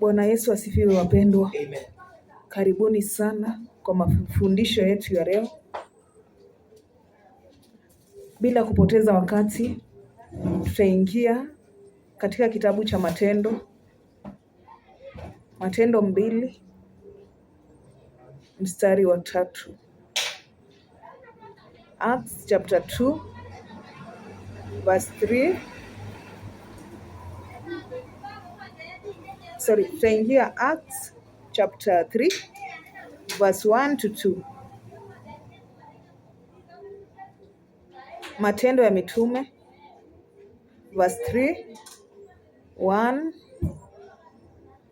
Bwana Yesu asifiwe wapendwa. Karibuni sana kwa mafundisho yetu ya leo. Bila kupoteza wakati, tutaingia katika kitabu cha Matendo, Matendo mbili mstari wa tatu. Acts chapter 2 verse 3 sorry, tutaingia Acts chapter 3 verse 1 to 2. Matendo ya Mitume verse 3 1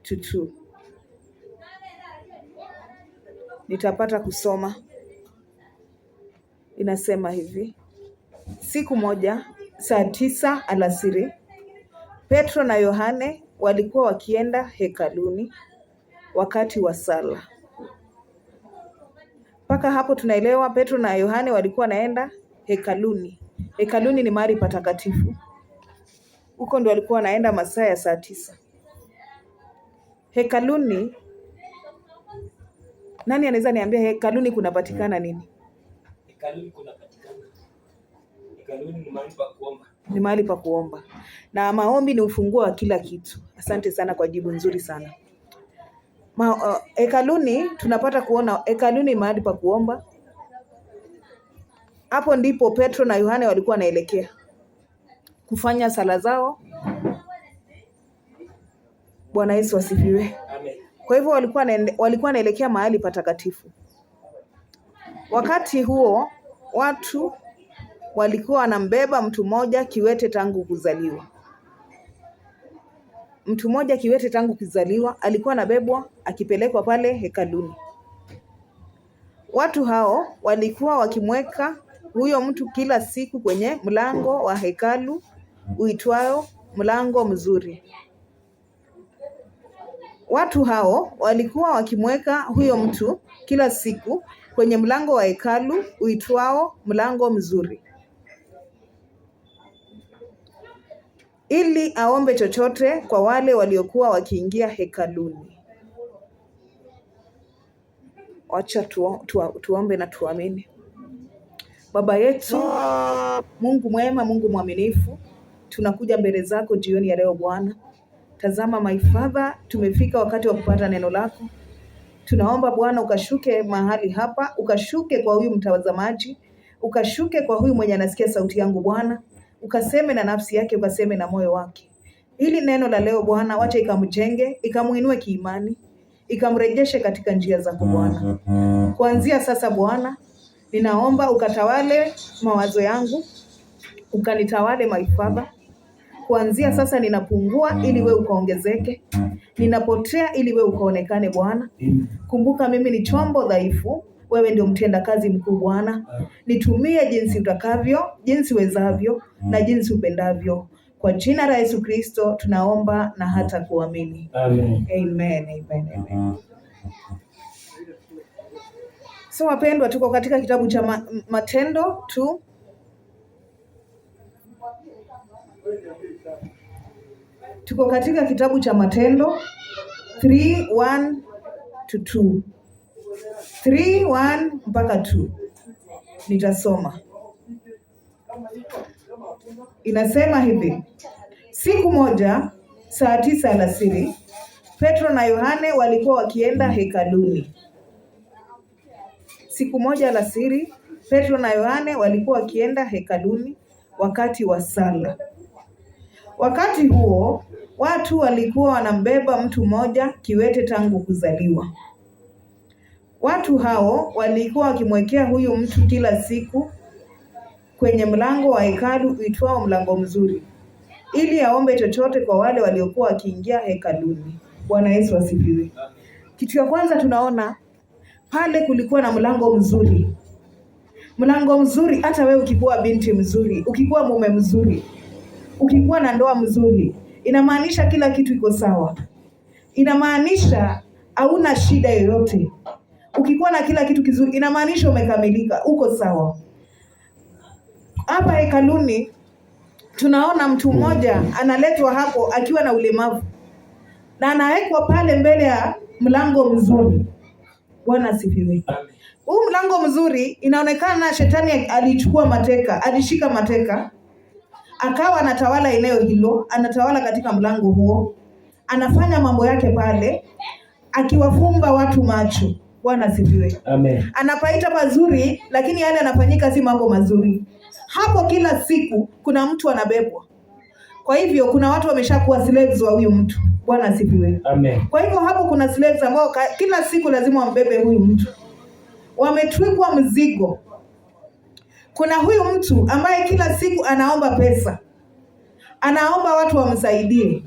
to 2. Nitapata kusoma. Inasema hivi: siku moja saa tisa alasiri Petro na Yohane walikuwa wakienda hekaluni wakati wa sala. Mpaka hapo tunaelewa Petro na Yohane walikuwa wanaenda hekaluni. Hekaluni ni mahali patakatifu, huko ndio walikuwa wanaenda masaa ya saa tisa. Hekaluni, nani anaweza niambia hekaluni kunapatikana nini? Hekaluni kunapatikana, hekaluni ni mahali pa kuomba ni mahali pa kuomba, na maombi ni ufunguo wa kila kitu. Asante sana kwa jibu nzuri sana. Ma, uh, hekaluni tunapata kuona hekaluni mahali pa kuomba. Hapo ndipo Petro na Yohane walikuwa wanaelekea kufanya sala zao. Bwana Yesu asifiwe. Kwa hivyo walikuwa walikuwa wanaelekea mahali patakatifu. Wakati huo watu walikuwa wanambeba mtu mmoja kiwete tangu kuzaliwa. Mtu mmoja kiwete tangu kuzaliwa alikuwa anabebwa akipelekwa pale hekaluni. Watu hao walikuwa wakimweka huyo mtu kila siku kwenye mlango wa hekalu uitwao mlango mzuri. Watu hao walikuwa wakimweka huyo mtu kila siku kwenye mlango wa hekalu uitwao mlango mzuri. ili aombe chochote kwa wale waliokuwa wakiingia hekaluni. Wacha tu, tuombe na tuamini. Baba yetu, Mungu mwema, Mungu mwaminifu, tunakuja mbele zako jioni ya leo Bwana. Tazama my Father, tumefika wakati wa kupata neno lako. Tunaomba Bwana ukashuke mahali hapa, ukashuke kwa huyu mtazamaji, ukashuke kwa huyu mwenye anasikia sauti yangu Bwana ukaseme na nafsi yake, ukaseme na moyo wake. Hili neno la leo Bwana, wacha ikamjenge, ikamuinue kiimani, ikamrejeshe katika njia zako Bwana. Kuanzia sasa Bwana, ninaomba ukatawale mawazo yangu, ukanitawale maifaba. Kuanzia sasa ninapungua ili we ukaongezeke, ninapotea ili we ukaonekane Bwana. Kumbuka mimi ni chombo dhaifu wewe ndio mtenda kazi mkuu Bwana. Nitumie jinsi utakavyo, jinsi wezavyo na jinsi upendavyo. Kwa jina la Yesu Kristo tunaomba na hata kuamini. Amen. Amen, amen, amen. So wapendwa, tuko katika kitabu cha ma Matendo tu tuko katika kitabu cha Matendo 3:1 to 2. 3:1 mpaka 2 nitasoma. Inasema hivi: siku moja saa tisa alasiri Petro na Yohane walikuwa wakienda hekaluni. Siku moja alasiri Petro na Yohane walikuwa wakienda hekaluni wakati wa sala. Wakati huo watu walikuwa wanambeba mtu mmoja kiwete tangu kuzaliwa Watu hao walikuwa wakimwekea huyu mtu kila siku kwenye mlango wa hekalu uitwao Mlango Mzuri, ili aombe chochote kwa wale waliokuwa wakiingia hekaluni. Bwana Yesu asifiwe. Kitu cha kwanza tunaona pale kulikuwa na mlango mzuri. Mlango mzuri, hata wewe ukikuwa binti mzuri, ukikuwa mume mzuri, ukikuwa na ndoa mzuri, inamaanisha kila kitu iko sawa, inamaanisha hauna shida yoyote ukikuwa na kila kitu kizuri, inamaanisha umekamilika, uko sawa. Hapa hekaluni tunaona mtu hmm. mmoja analetwa hapo akiwa na ulemavu na anawekwa pale mbele ya mlango mzuri. Bwana asifiwe. Huu mlango mzuri inaonekana shetani alichukua mateka, alishika mateka, akawa anatawala eneo hilo, anatawala katika mlango huo, anafanya mambo yake pale, akiwafumba watu macho, Bwana asifiwe. Amen. Anapaita mazuri lakini yale anafanyika si mambo mazuri. Hapo kila siku kuna mtu anabebwa. Kwa hivyo kuna watu wameshakuwa slaves wa huyu mtu. Bwana asifiwe. Amen. Kwa hivyo hapo kuna slaves ambao kila siku lazima wambebe huyu mtu. Wametwikwa mzigo. Kuna huyu mtu ambaye kila siku anaomba pesa. Anaomba watu wamsaidie.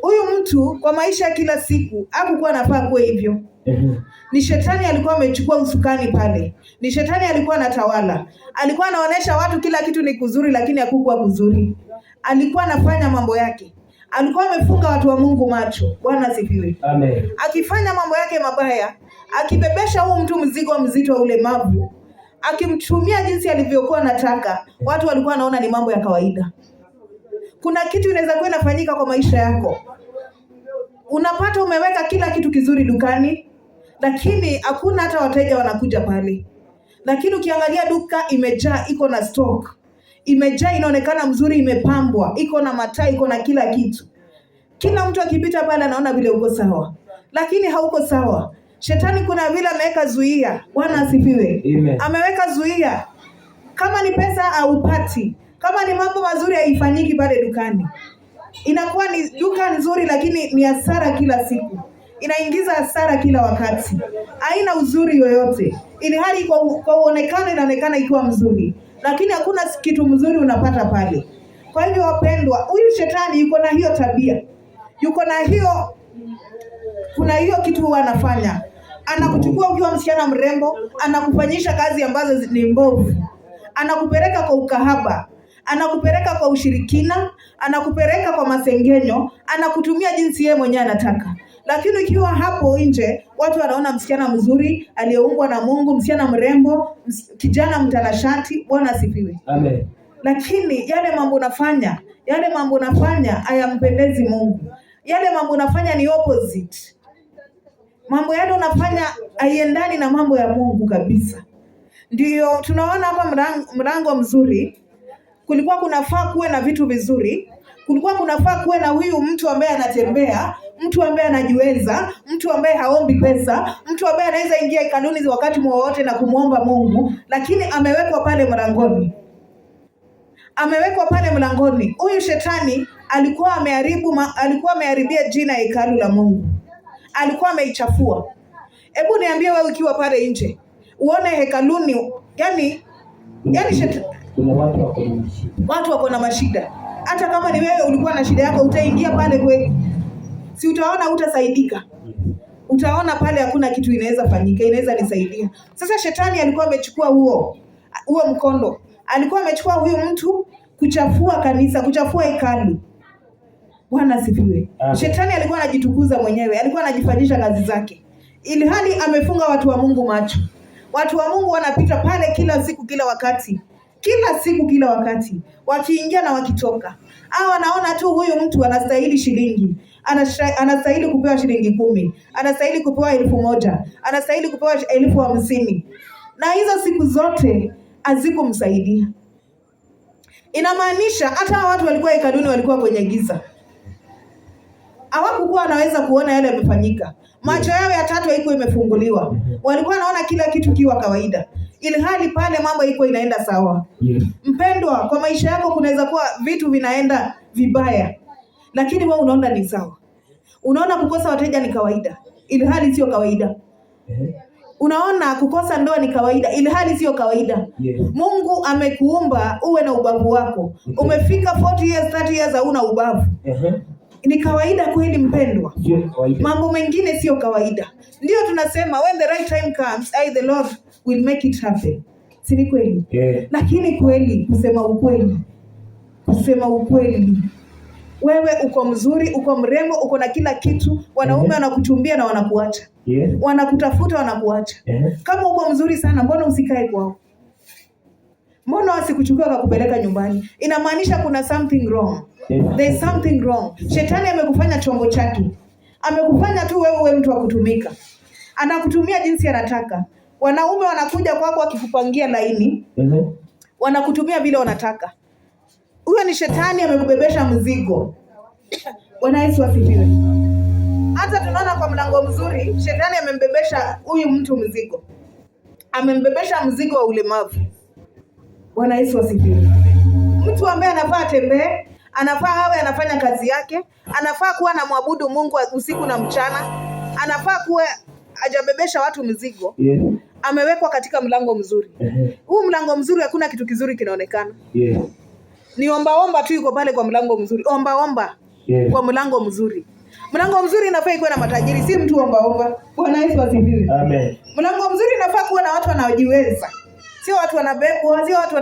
Huyu mtu kwa maisha kila siku hakukuwa anafaa kuwe hivyo. Mhm. Ni shetani alikuwa amechukua usukani pale, ni shetani alikuwa anatawala, alikuwa anaonesha watu kila kitu ni kuzuri, lakini hakukuwa kuzuri. Alikuwa anafanya mambo yake, alikuwa amefunga watu wa Mungu macho. Bwana asifiwe, amen. Akifanya mambo yake mabaya, akibebesha huu mtu mzigo mzito wa ulemavu, akimtumia jinsi alivyokuwa anataka, watu walikuwa wanaona ni mambo ya kawaida. Kuna kitu inaweza kuwa inafanyika kwa maisha yako, unapata umeweka kila kitu kizuri dukani lakini hakuna hata wateja wanakuja pale. Lakini ukiangalia duka imejaa, iko na stock imejaa, inaonekana mzuri, imepambwa, iko na mataa, iko na kila kitu. Kila mtu akipita pale anaona vile uko sawa, lakini hauko sawa. Shetani kuna vile ameweka zuia. Bwana asifiwe. Ameweka zuia, kama ni pesa haupati, kama ni mambo mazuri haifanyiki pale dukani. Inakuwa ni duka nzuri, lakini ni hasara kila siku inaingiza hasara kila wakati, haina uzuri yoyote, ili hali kwa uonekano inaonekana ikiwa mzuri, lakini hakuna kitu mzuri unapata pale. Kwa hivyo, wapendwa, huyu shetani yuko na hiyo tabia, yuko na hiyo, kuna hiyo kitu huwa anafanya, anakuchukua ukiwa msichana mrembo, anakufanyisha kazi ambazo ni mbovu, anakupeleka kwa ukahaba anakupeleka kwa ushirikina, anakupeleka kwa masengenyo, anakutumia jinsi yeye mwenyewe anataka. Lakini ukiwa hapo nje, watu wanaona msichana mzuri aliyeungwa na Mungu, msichana mrembo, ms kijana mtanashati. Bwana asifiwe, amen. Lakini yale mambo unafanya, yale mambo unafanya hayampendezi Mungu. Yale mambo unafanya ni opposite. Mambo yale unafanya haiendani na mambo ya Mungu kabisa. Ndiyo tunaona hapa mlango mlango mzuri, kulikuwa kunafaa kuwe na vitu vizuri, kulikuwa kunafaa kuwe na huyu mtu ambaye anatembea mtu ambaye anajiweza, mtu ambaye haombi pesa, mtu ambaye anaweza ingia ikanuni wakati wowote na kumwomba Mungu, lakini amewekwa pale mlangoni, amewekwa pale mlangoni. Huyu shetani alikuwa ameharibu, alikuwa ameharibia jina ya hekalu la Mungu, alikuwa ameichafua. Hebu niambie wewe, ukiwa pale nje uone hekaluni, yani yani shetani watu wako na mashida. Hata kama ni wewe ulikuwa na shida yako, utaingia pale kweli si utaona utasaidika utaona pale hakuna kitu inaweza fanyika, inaweza nisaidia. Sasa shetani alikuwa amechukua huo huo mkondo, alikuwa amechukua huyu mtu kuchafua kanisa, kuchafua hekalu. Bwana asifiwe. Shetani alikuwa anajitukuza mwenyewe, alikuwa anajifanyisha kazi zake, ili hali amefunga watu wa Mungu macho. Watu wa Mungu wanapita pale kila siku, kila wakati, kila siku, kila wakati, wakiingia na wakitoka, au wanaona tu huyu mtu anastahili shilingi, anastahili kupewa shilingi kumi, anastahili kupewa elfu moja, anastahili kupewa elfu hamsini. Na hizo siku zote hazikumsaidia. Inamaanisha hata watu walikuwa hekaluni, walikuwa kwenye giza, hawakukuwa wanaweza kuona yale yamefanyika. Macho yao ya tatu haikuwa imefunguliwa, walikuwa wanaona kila kitu kiwa kawaida, ili hali pale mambo iko inaenda sawa. Mpendwa, kwa maisha yako kunaweza kuwa vitu vinaenda vibaya lakini wewe unaona ni sawa. Unaona kukosa wateja ni kawaida, ilhali sio kawaida. Eh? Unaona kukosa ndoa ni kawaida, hali sio kawaida. Mungu amekuumba uwe na ubavu wako. Umefika 40 years, 30 years hauna ubavu. Uh-huh. Ni kawaida kweli mpendwa? Mambo mengine sio kawaida. Ndio tunasema when the right time comes, I the Lord will make it happen. Si kweli? Lakini kweli kusema ukweli. Kusema ukweli wewe uko mzuri, uko mrembo, uko na kila kitu. Wanaume wanakuchumbia na wanakuacha, yeah. Wanakutafuta, wanakuacha, yeah. Kama uko mzuri sana, mbona usikae kwao? Mbona wasikuchukua wakakupeleka nyumbani? Inamaanisha kuna something wrong, yeah. There is something wrong. Shetani amekufanya chombo chake, amekufanya tu wewe uwe mtu wa kutumika, anakutumia jinsi anataka. Wanaume wanakuja kwako kwa wakikupangia laini, mm -hmm. Wanakutumia vile wanataka huyo ni shetani amekubebesha mzigo. Bwana Yesu asifiwe. Hata tunaona kwa mlango mzuri, shetani amembebesha huyu mtu mzigo, amembebesha mzigo wa ulemavu. Bwana Yesu asifiwe. Mtu ambaye anafaa tembee, anafaa awe anafanya kazi yake, anafaa kuwa anamwabudu Mungu usiku na mchana, anafaa kuwa hajabebesha watu mzigo yeah. Amewekwa katika mlango mzuri huu. uh -huh. Mlango mzuri hakuna kitu kizuri kinaonekana yeah ni ombaomba tu iko pale kwa mlango mzuri, ombaomba yes. kwa mlango mzuri Mlango mzuri inafaa ikuwe na matajiri, si mtu ombaomba. Bwana Yesu asifiwe. Amen. Mlango mzuri inafaa kuwa na watu wanaojiweza, sio watu wanabebwa, sio watu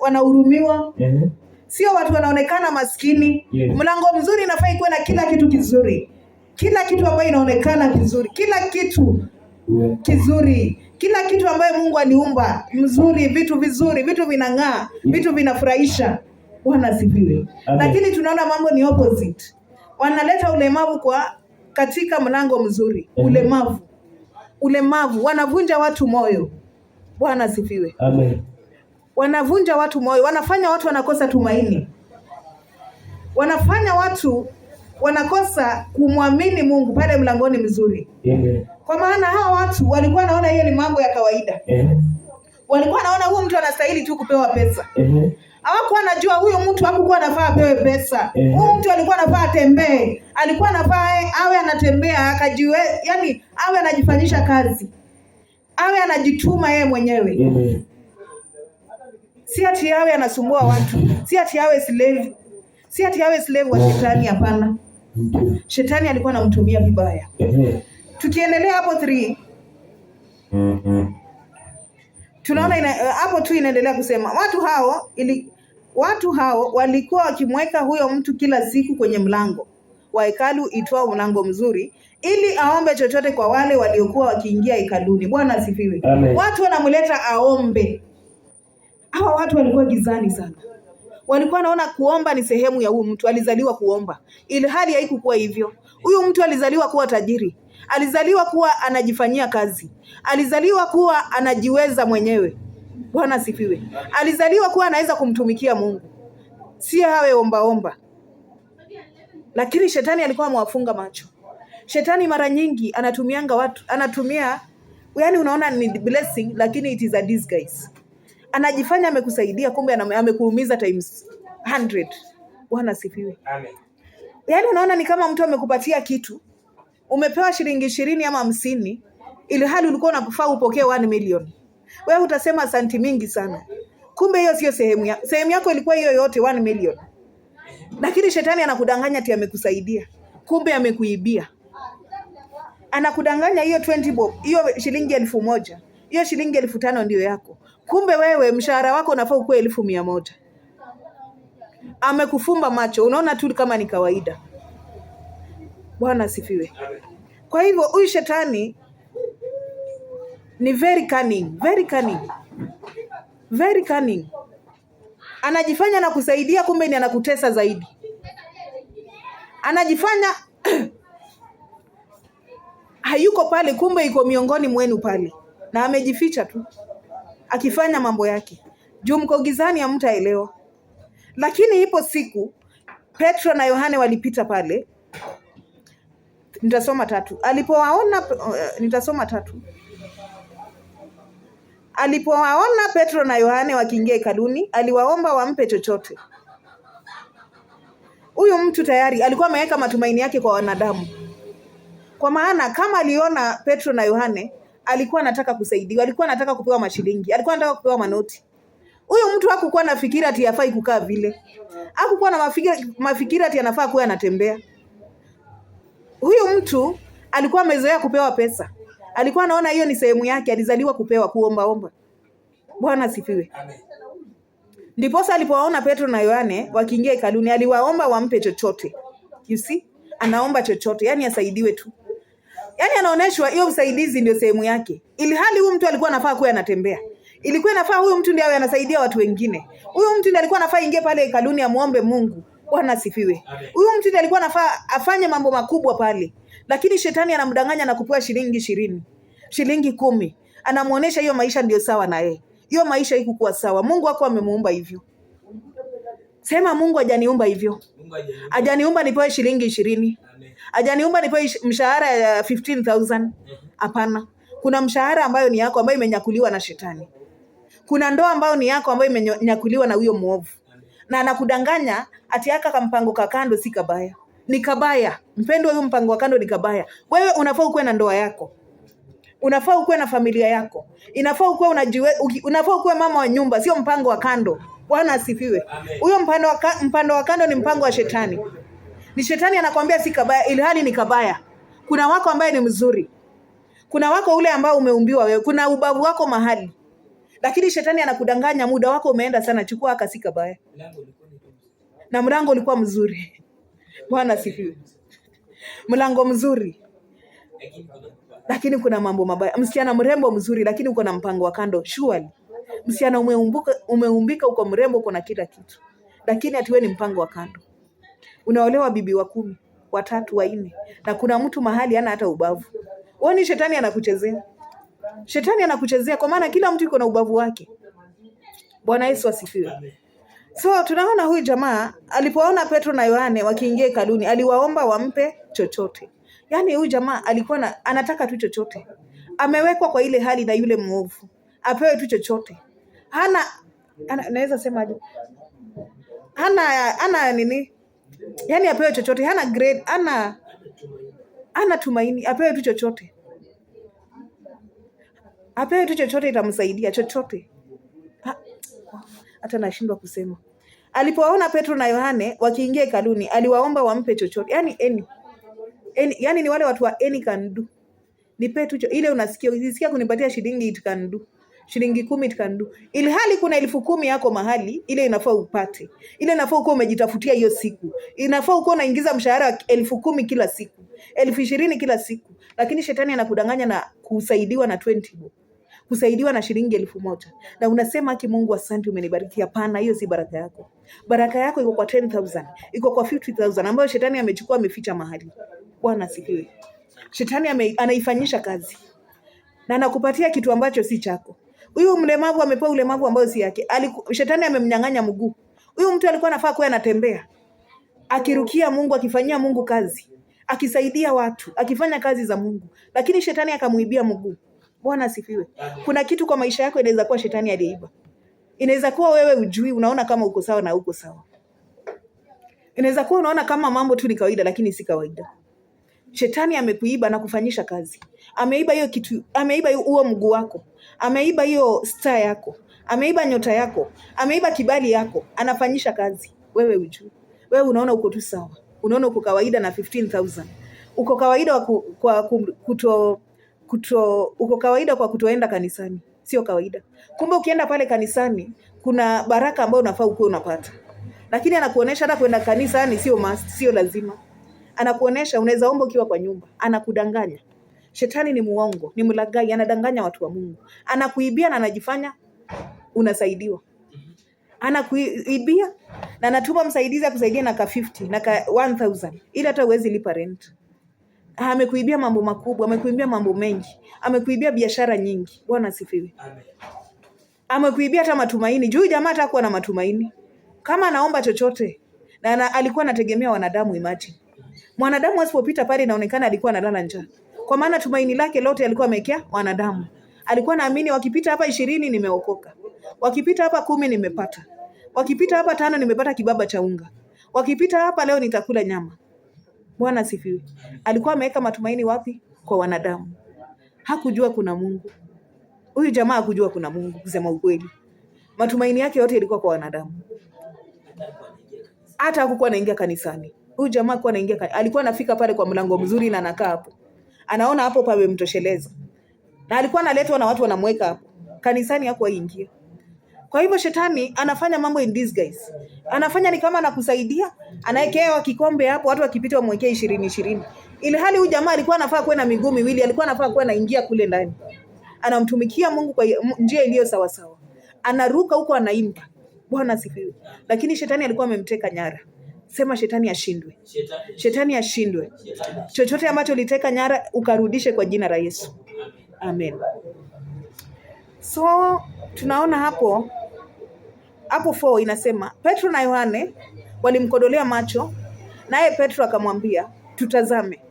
wanahurumiwa, wana, mm -hmm. sio watu wanaonekana maskini yes. Mlango mzuri inafaa ikuwe na kila kitu kizuri, kila kitu ambayo inaonekana vizuri kila kitu yeah. kizuri kila kitu ambayo Mungu aliumba mzuri, vitu vizuri, vitu vinang'aa, vitu vinafurahisha Bwana asifiwe. Lakini tunaona mambo ni opposite, wanaleta ulemavu kwa katika mlango mzuri. Amen. Ulemavu, ulemavu wanavunja watu moyo. Bwana asifiwe. Amen. Wanavunja watu moyo, wanafanya watu wanakosa tumaini, wanafanya watu wanakosa kumwamini Mungu pale mlangoni mzuri. Amen. Kwa maana hawa watu walikuwa wanaona hiyo ni mambo ya kawaida. Amen. Walikuwa wanaona huyu mtu anastahili tu kupewa pesa. Amen hawakuwa najua huyu mtu hakukuwa anafaa apewe pesa. Eh. Huyu mtu alikuwa anafaa atembee, alikuwa anafaa eh, awe anatembea akajiwe, yani awe anajifanyisha kazi, awe anajituma yeye mwenyewe mm-hmm. Si ati awe anasumbua watu, si ati awe slave, si ati awe slave wa mm-hmm. shetani. Hapana, mm-hmm. shetani alikuwa anamtumia vibaya. Tukiendelea hapo 3 mm-hmm tunaona mm. eh, hapo ina, tu inaendelea kusema watu hao ili, watu hao walikuwa wakimweka huyo mtu kila siku kwenye mlango wa hekalu itwao mlango mzuri, ili aombe chochote kwa wale waliokuwa wakiingia hekaluni. Bwana asifiwe. Watu wanamleta aombe. Hawa watu walikuwa gizani sana, walikuwa wanaona kuomba ni sehemu ya huyu mtu, alizaliwa kuomba, ili hali haikukuwa hivyo. Huyu mtu alizaliwa kuwa tajiri. Alizaliwa kuwa anajifanyia kazi, alizaliwa kuwa anajiweza mwenyewe. Bwana sifiwe. Alizaliwa kuwa anaweza kumtumikia Mungu, si omba omba. Lakini shetani alikuwa amewafunga macho. Shetani mara nyingi anatumianga watu, anatumia yani, unaona ni blessing, lakini it is a disguise. Anajifanya amekusaidia, kumbe amekuumiza times 100. Bwana sifiwe. Amen. Yani unaona ni kama mtu amekupatia kitu umepewa shilingi ishirini ama hamsini ili hali ulikuwa unafaa upokee 1 milioni. Wewe utasema asanti mingi sana, kumbe hiyo sio sehemu ya Sehemu yako ilikuwa hiyo yote 1 milioni, lakini shetani anakudanganya ti amekusaidia, kumbe amekuibia. Anakudanganya hiyo 20 bob, hiyo shilingi elfu moja hiyo shilingi elfu tano ndio yako, kumbe wewe mshahara wako unafaa ukuwe elfu mia moja. Amekufumba macho, unaona tu kama ni kawaida. Bwana asifiwe. Kwa hivyo huyu shetani ni very cunning, very cunning, very cunning. Anajifanya na kusaidia, kumbe ni anakutesa zaidi. Anajifanya hayuko pale, kumbe iko miongoni mwenu pale, na amejificha tu akifanya mambo yake, juu mko gizani, hamtaelewa. Lakini ipo siku Petro na Yohane walipita pale, Nitasoma tatu. Alipowaona uh, nitasoma tatu. Alipowaona Petro na Yohane wakiingia hekaluni, aliwaomba wampe chochote. Huyu mtu tayari alikuwa ameweka matumaini yake kwa wanadamu, kwa maana kama aliona Petro na Yohane, alikuwa anataka kusaidiwa, alikuwa anataka kupewa mashilingi, alikuwa anataka kupewa manoti. Huyu mtu hakukuwa na fikira ati afai kukaa vile, hakukuwa na mafikira, mafikira ati anafaa kuwa anatembea huyu mtu alikuwa amezoea kupewa pesa, alikuwa anaona hiyo ni sehemu yake, alizaliwa kupewa, kuombaomba. Bwana asifiwe. Ndiposa alipowaona Petro na Yohane wakiingia hekaluni, aliwaomba wampe chochote. You see? Anaomba chochote, yani asaidiwe tu, yani anaoneshwa hiyo usaidizi ndio sehemu yake, ili hali huyu mtu alikuwa anafaa kuwa anatembea ilikuwa inafaa huyu mtu ndiye awe anasaidia watu wengine. Huyu mtu ndiye alikuwa anafaa ingie pale hekaluni amuombe Mungu, Bwana asifiwe. Huyu mtu alikuwa anafaa afanye mambo makubwa pale, lakini shetani anamdanganya na kupewa shilingi ishirini, shilingi kumi, anamwonyesha hiyo maisha ndio sawa na yeye. Hiyo maisha ikukuwa sawa. Mungu wako amemuumba hivyo. Sema Mungu hajaniumba hivyo. Hajaniumba nipewe shilingi ishirini. Hajaniumba nipewe mshahara ya 15000. Mhm. Hapana. Kuna mshahara ambayo ni yako ambayo imenyakuliwa na shetani. Kuna ndoa ambayo ni yako ambayo imenyakuliwa na huyo mwovu na anakudanganya ati aka kampango kakando si kabaya, ni kabaya. Mpendwa, huyo mpango wa kando ni kabaya. Wewe unafaa ukuwe na ndoa yako, unafaa ukuwe na familia yako, inafaa ukuwe unajiwe, unafaa ukuwe mama wa nyumba, sio mpango wa kando. Bwana asifiwe. Huyo mpango wa, ka, mpango wa kando ni mpango wa shetani, ni shetani anakwambia si kabaya, ilhali ni kabaya. Kuna wako ambaye ni mzuri, kuna wako ule ambao umeumbiwa wewe, kuna ubavu wako mahali lakini shetani anakudanganya, muda wako umeenda sana, chukua akasi kabaya, na mlango ulikuwa mzuri. Bwana sifiwe, mlango mzuri lakini kuna mambo mabaya. Msichana mrembo mzuri, lakini uko na mpango wa kando. shuali msichana umeumbika, umeumbika, uko mrembo, uko na kila kitu, lakini atiwe ni mpango wa kando. Unaolewa bibi wa kumi, watatu, wanne, na kuna mtu mahali ana hata ubavu. Woni shetani anakuchezea. Shetani anakuchezea kwa maana kila mtu yuko na ubavu wake. Bwana Yesu asifiwe. So tunaona huyu jamaa alipoona Petro na Yohane wakiingia hekaluni, aliwaomba wampe chochote. Yaani huyu jamaa alikuwa na, anataka tu chochote, amewekwa kwa ile hali na yule mwovu, apewe tu chochote. Hana ana, naweza semaje? Hana hana nini? Yaani apewe chochote, hana grade, hana hana tumaini, apewe tu chochote apewe tu chochote, itamsaidia chochote. Hata nashindwa kusema. Alipowaona Petro na Yohane wakiingia hekaluni, aliwaomba wampe chochote. Yani eni eni, yani ni wale watu wa any can do, nipe tu ile. Unasikia unisikia kunipatia shilingi it can do shilingi kumi it can do, ilhali kuna elfu kumi yako mahali, ile inafaa upate, ile inafaa uko umejitafutia hiyo siku, inafaa uko unaingiza mshahara wa elfu kumi kila siku, elfu ishirini kila siku, lakini shetani anakudanganya na kusaidiwa na 20 bob kusaidiwa na shilingi elfu moja na unasema ki Mungu asante, umenibariki. Hapana, hiyo si baraka yako. Baraka yako iko kwa 10000 iko kwa 50000 ambayo shetani amechukua, ameficha mahali. Bwana asifiwe. Shetani ame, anaifanyisha kazi na anakupatia kitu ambacho si chako. Huyu mlemavu amepewa ulemavu ambao si yake. Aliku, shetani amemnyang'anya mguu. Huyu mtu alikuwa anafaa kuwa anatembea, akirukia Mungu, akifanyia Mungu kazi, akisaidia watu, akifanya kazi za Mungu, lakini shetani akamwibia mguu. Bwana asifiwe. Kuna kitu kwa maisha yako inaweza kuwa shetani aliiba, Inaweza kuwa wewe ujui, unaona kama uko sawa na uko sawa. Inaweza kuwa unaona kama mambo tu ni kawaida, lakini si kawaida. Shetani amekuiba na kufanyisha kazi. Ameiba hiyo kitu, ameiba huo mguu wako, ameiba hiyo star yako, ameiba nyota yako, ameiba kibali yako, anafanyisha kazi, wewe ujui. Wewe unaona uko tu sawa, unaona uko kawaida na 15000 uko kawaida kwa kuto kuto, uko kawaida kwa kutoenda kanisani, sio kawaida. Kumbe ukienda pale kanisani kuna baraka ambayo unafaa ukuwe unapata, lakini anakuonesha hata kwenda kanisani sio must, sio lazima. Anakuonesha unaweza omba ukiwa kwa nyumba, anakudanganya. Shetani ni muongo, ni mlagai, anadanganya watu wa Mungu, anakuibia na anajifanya unasaidiwa anakuibia na anatuma msaidizi akusaidia na ka 50 na ka 1000 ili hata uwezi lipa rent. Ah, amekuibia mambo makubwa, amekuibia mambo mengi, amekuibia biashara nyingi. Bwana asifiwe. Amekuibia hata matumaini juu, jamaa hatakuwa na matumaini kama anaomba chochote, na, na alikuwa anategemea wanadamu. Imati mwanadamu asipopita pale, inaonekana alikuwa analala njaa, kwa maana tumaini lake lote alikuwa amekea wanadamu. Alikuwa naamini wakipita hapa ishirini nimeokoka, wakipita hapa kumi nimepata, wakipita hapa tano nimepata kibaba cha unga, wakipita hapa leo nitakula nyama. Bwana asifiwe. Alikuwa ameweka matumaini wapi? Kwa wanadamu. Hakujua kuna Mungu. Huyu jamaa hakujua kuna Mungu kusema ukweli. Matumaini yake yote yalikuwa kwa wanadamu. Hata hakukuwa anaingia kanisani. Huyu jamaa alikuwa anaingia kanisani. alikuwa anafika pale kwa mlango mzuri na anakaa hapo. Anaona hapo mtosheleza. Na alikuwa analetwa na watu wanamweka hapo. Kanisani hakuwaingia. Kwa hivyo shetani anafanya mambo in disguise. Anafanya ni kama anakusaidia, anawekewa kikombe hapo, watu wakipita wamwekea ishirini ishirini, ili hali huyu jamaa alikuwa anafaa kuwa na miguu miwili, alikuwa anafaa kuwa anaingia kule ndani, anamtumikia Mungu kwa njia iliyo sawasawa, anaruka huko, anaimba Bwana sifiwe. Lakini shetani alikuwa amemteka nyara. Sema shetani ashindwe, shetani ashindwe. Chochote ambacho uliteka nyara ukarudishe kwa jina la Yesu, amen. So tunaona hapo hapo 4 inasema Petro na Yohane walimkodolea macho, naye Petro akamwambia tutazame.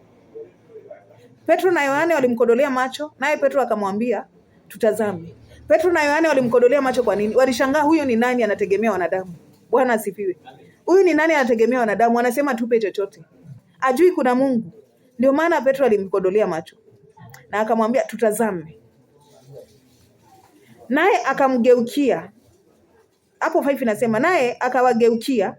Petro na Yohane walimkodolea macho, naye Petro akamwambia tutazame. Petro na Yohane walimkodolea macho kwa nini? Walishangaa, huyu ni nani anategemea wanadamu? Bwana asifiwe. Huyu ni nani anategemea wanadamu? Anasema tupe chochote, ajui kuna Mungu. Ndio maana Petro alimkodolea macho na akamwambia tutazame. Naye akamgeukia, hapo 5 inasema naye akawageukia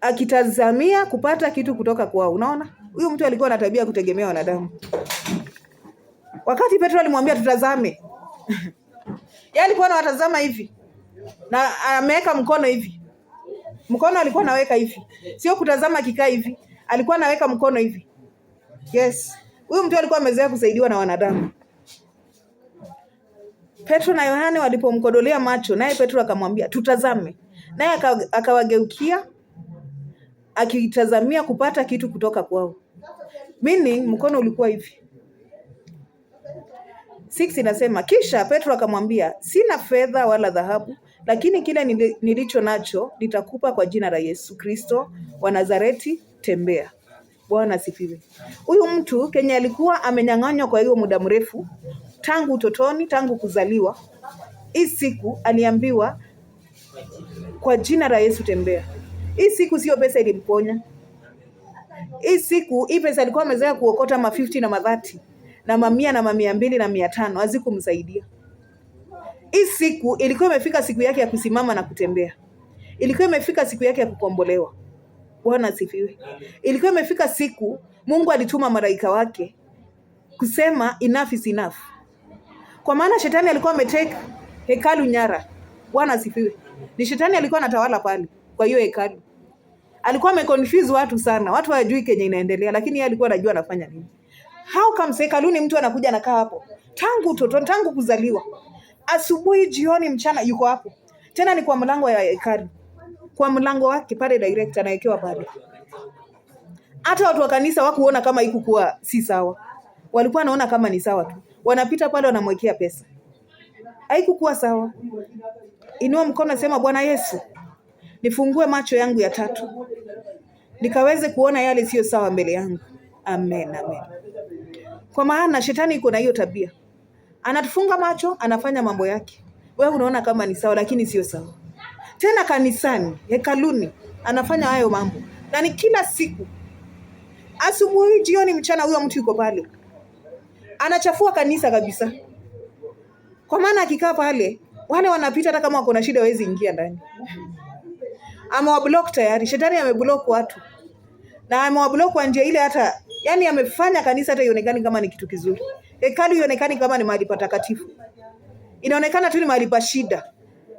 akitazamia kupata kitu kutoka kwao. Unaona, huyu mtu alikuwa na tabia kutegemea wanadamu. Wakati Petro alimwambia tutazame, yeye alikuwa anawatazama hivi na ameweka mkono hivi, mkono alikuwa anaweka hivi, sio kutazama akikaa hivi, alikuwa anaweka mkono hivi. Yes, huyu mtu alikuwa amezoea kusaidiwa na wanadamu. Petro na Yohane walipomkodolea macho, naye Petro akamwambia tutazame, naye akawageukia akitazamia kupata kitu kutoka kwao. Mimi mkono ulikuwa hivi. Six inasema kisha Petro akamwambia, sina fedha wala dhahabu, lakini kile nilicho nacho nitakupa. Kwa jina la Yesu Kristo wa Nazareti, tembea. Bwana asifiwe. Huyu mtu kenye alikuwa amenyang'anywa kwa hiyo muda mrefu, tangu utotoni, tangu kuzaliwa, hii siku aliambiwa kwa jina la Yesu tembea. Hii siku sio pesa ilimponya. Hii siku hii pesa alikuwa amezoea kuokota 50 na madhati na mamia na mamia mbili na mia tano hazikumsaidia. Hii siku ilikuwa imefika siku yake ya kusimama na kutembea, ilikuwa imefika siku yake ya kukombolewa. Bwana asifiwe. Ilikuwa imefika siku Mungu alituma malaika wake kusema enough is enough, kwa maana shetani alikuwa ametake hekalu nyara. Bwana asifiwe. Ni shetani alikuwa anatawala pale kwa hiyo hekalu, alikuwa ameconfuse watu sana, watu hawajui kenye inaendelea, lakini yeye alikuwa anajua anafanya nini. How comes hekaluni mtu anakuja anakaa hapo tangu utoto, tangu kuzaliwa, asubuhi, jioni, mchana, yuko hapo tena, ni kwa mlango ya hekalu kwa mlango wake pale direct anawekewa pale. Hata watu wa kanisa wakuona kama ikukuwa si sawa, walikuwa wanaona kama ni sawa tu, wanapita pale wanamwekea pesa. Haikukuwa sawa. Inua mkono, sema Bwana Yesu, nifungue macho yangu ya tatu nikaweze kuona yale siyo sawa mbele yangu. Amen, amen. Kwa maana shetani iko na hiyo tabia, anatufunga macho, anafanya mambo yake, wewe unaona kama ni sawa, lakini sio sawa tena kanisani, hekaluni, anafanya hayo mambo na ni kila siku, asubuhi, jioni, mchana, huyo mtu yuko pale, anachafua kanisa kabisa, kwa maana akikaa pale wale wanapita, hata kama wako na shida hawezi ingia ndani. Amewablock tayari, shetani ameblock watu na amewablock kwa njia ile hata yani amefanya kanisa hata ionekani kama ni kitu kizuri, hekalu ionekani kama ni mahali patakatifu, inaonekana tu ni mahali pa shida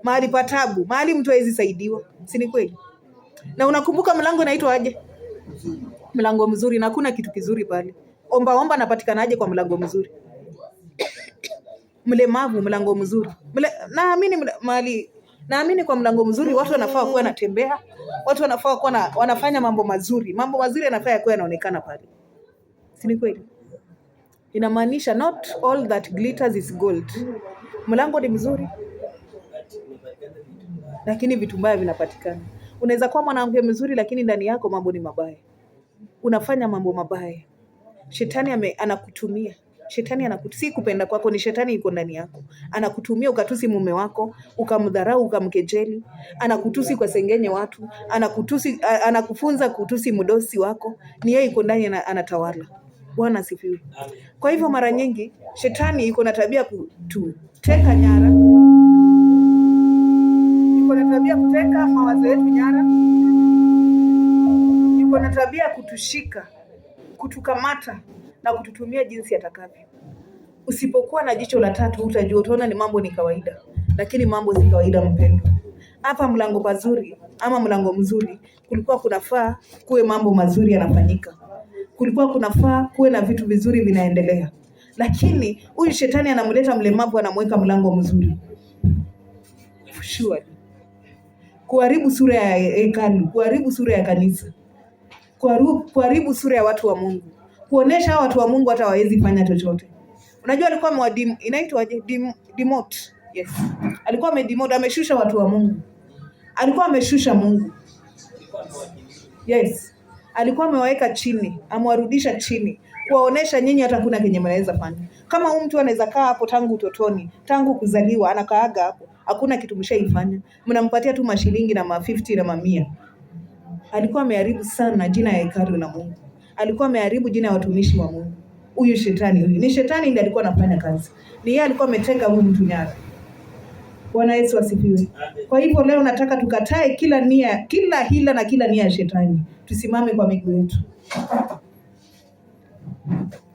mahali pa tabu, mahali mtu hawezi saidiwa, si ni kweli? Na unakumbuka mlango unaitwa aje? Mlango mzuri, na hakuna kitu kizuri pale. Omba omba napatikanaje kwa mlango mzuri? Mlemavu, mlango mzuri. Mle, naamini mahali naamini kwa mlango mzuri watu wanafaa kuwa wanatembea, watu wanafaa kuwa na, wanafanya mambo mazuri. Mambo mazuri yanafaa kuwa yanaonekana pale, si ni kweli? Inamaanisha not all that glitters is gold. Mlango ni mzuri lakini vitu mbaya vinapatikana. Unaweza kuwa mwanamke mzuri, lakini ndani yako mambo ni mabaya, unafanya mambo mabaya. Shetani ame, anakutumia Shetani anakutu, si kupenda kwako, ni shetani iko ndani yako, anakutumia ukatusi mume wako, ukamdharau, ukamkejeli, anakutusi kwa sengenye watu, anakutusi, anakufunza kutusi mdosi wako, ni yeye iko ndani, anatawala. Bwana asifiwe. Kwa hivyo mara nyingi shetani iko na tabia kututeka nyara yuko na tabia kuteka mawazo yetu nyara, yuko na tabia kutushika, kutukamata na kututumia jinsi atakavyo. Usipokuwa na jicho la tatu utajua, utaona ni mambo ni kawaida, lakini mambo si kawaida mpendwa. Hapa mlango pazuri ama mlango mzuri, kulikuwa kunafaa kuwe mambo mazuri yanafanyika, kulikuwa kunafaa kuwe na vitu vizuri vinaendelea, lakini huyu shetani anamleta mlemavu, anamweka mlango mzuri sure kuharibu sura ya hekalu, kuharibu sura ya kanisa, kuharibu sura ya watu wa Mungu, kuonesha watu wa Mungu hata hawawezi fanya chochote. Unajua alikuwa mwadim, inaitwa dim, demote. Yes, alikuwa amedemote, ameshusha watu wa Mungu, alikuwa ameshusha Mungu. Yes, alikuwa amewaweka chini, amewarudisha chini kuwaonesha nyinyi hata kuna kenye mnaweza fanya. Kama huyu mtu anaweza kaa hapo tangu utotoni, tangu kuzaliwa, anakaaga hapo hakuna kitu mshaifanya, mnampatia tu mashilingi na ma50 na mamia. Alikuwa ameharibu sana jina ya hekalu la Mungu, alikuwa ameharibu jina ya watumishi wa Mungu. Huyu shetani, huyu ni shetani ndiye alikuwa anafanya kazi, ni yeye alikuwa ametenga huyu mtu nyara. Bwana Yesu asifiwe. Kwa hivyo leo nataka tukatae kila nia, kila hila na kila nia ya shetani. Tusimame kwa miguu yetu.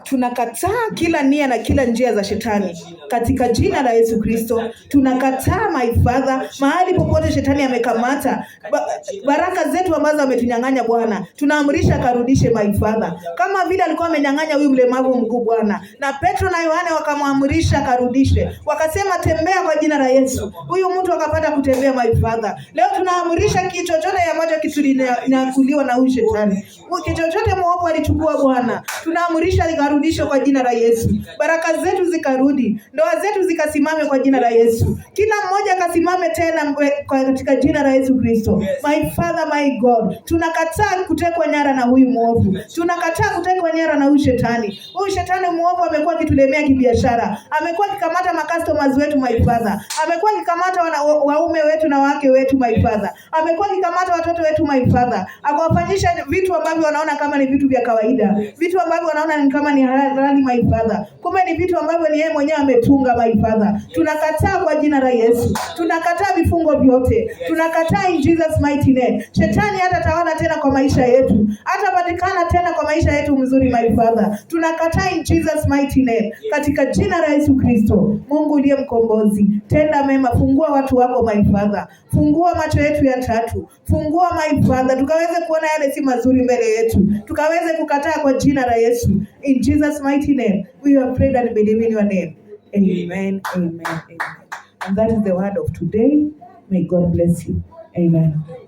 Tunakataa kila nia na kila njia za shetani katika jina la Yesu Kristo. Tunakataa my father, mahali popote shetani amekamata ba baraka zetu ambazo ametunyang'anya Bwana, tunaamrisha akarudishe my father, kama vile alikuwa amenyang'anya huyu mlemavu mguu Bwana. Na Petro na Yohane wakamwamrisha akarudishe, wakasema tembea kwa jina la Yesu, huyu mtu akapata kutembea my father. Leo tunaamrisha kichochote ambacho kitu inakuliwa na huyu shetani, kichochote mwovu alichukua Bwana, tunaamrisha zikarudishwe kwa jina la Yesu, baraka zetu zikarudi, ndoa zetu zikasimame kwa jina la Yesu, kila mmoja akasimame tena katika jina la Yesu Kristo. My Father, my God, tunakataa kutekwa nyara na huyu mwovu, tunakataa kutekwa nyara na huyu shetani. Huyu shetani mwovu amekuwa akitulemea kibiashara, amekuwa akikamata makastomers wetu, my Father, amekuwa akikamata waume wetu na wake wetu, my Father, amekuwa akikamata watoto wetu, my Father, akawafanyisha vitu ambavyo wanaona kama ni vitu vya kawaida, vitu ambavyo wanaona ni kama ni hadharani my father. Kumbe ni vitu ambavyo ni yeye mwenyewe ametunga my father. Tunakataa kwa jina la Yesu, tunakataa vifungo vyote, tunakataa in Jesus mighty name. Shetani hata tawala tena kwa maisha yetu, hata patikana tena kwa maisha yetu mzuri my father. Tunakataa in Jesus mighty name, katika jina la Yesu Kristo. Mungu uliye mkombozi, tenda mema, fungua watu wako my father, fungua macho yetu ya tatu, fungua my father, tukaweze kuona yale si mazuri mbele yetu, tukaweze kukataa kwa jina la Yesu. In Jesus' mighty name, we have prayed and believe in your name. Amen, amen, amen. And that is the word of today. May God bless you. Amen.